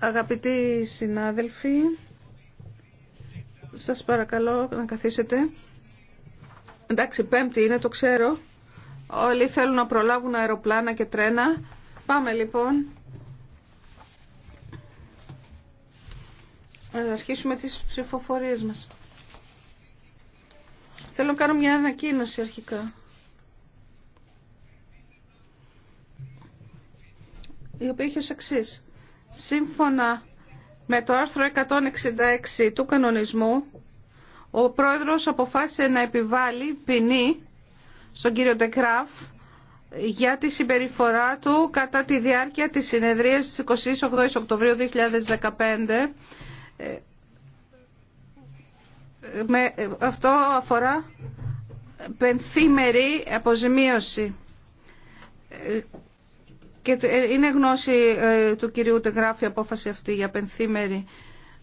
Αγαπητοί συνάδελφοι, σας παρακαλώ να καθίσετε. Εντάξει, πέμπτη είναι, το ξέρω. Όλοι θέλουν να προλάβουν αεροπλάνα και τρένα. Πάμε λοιπόν. Να αρχίσουμε τις ψηφοφορίες μας. Θέλω να κάνω μια ανακοίνωση αρχικά. η οποία έχει ως εξής. Σύμφωνα με το άρθρο 166 του κανονισμού, ο πρόεδρος αποφάσισε να επιβάλει ποινή στον κύριο Ντεκράφ για τη συμπεριφορά του κατά τη διάρκεια της συνεδρίας της 28 Οκτωβρίου 2015. Ε, ε, αυτό αφορά πενθήμερη αποζημίωση ε, και ε, είναι γνώση ε, του κυρίου Τεγράφη απόφαση αυτή για πενθήμερη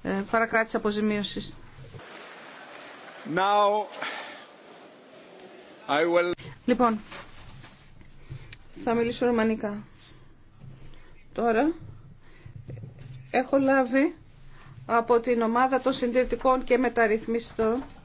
ε, παρακράτηση αποζημίωσης. Now, I will... Λοιπόν, θα μιλήσω ρωμανικά. Τώρα έχω λάβει από την ομάδα των συντηρητικών και μεταρρυθμιστών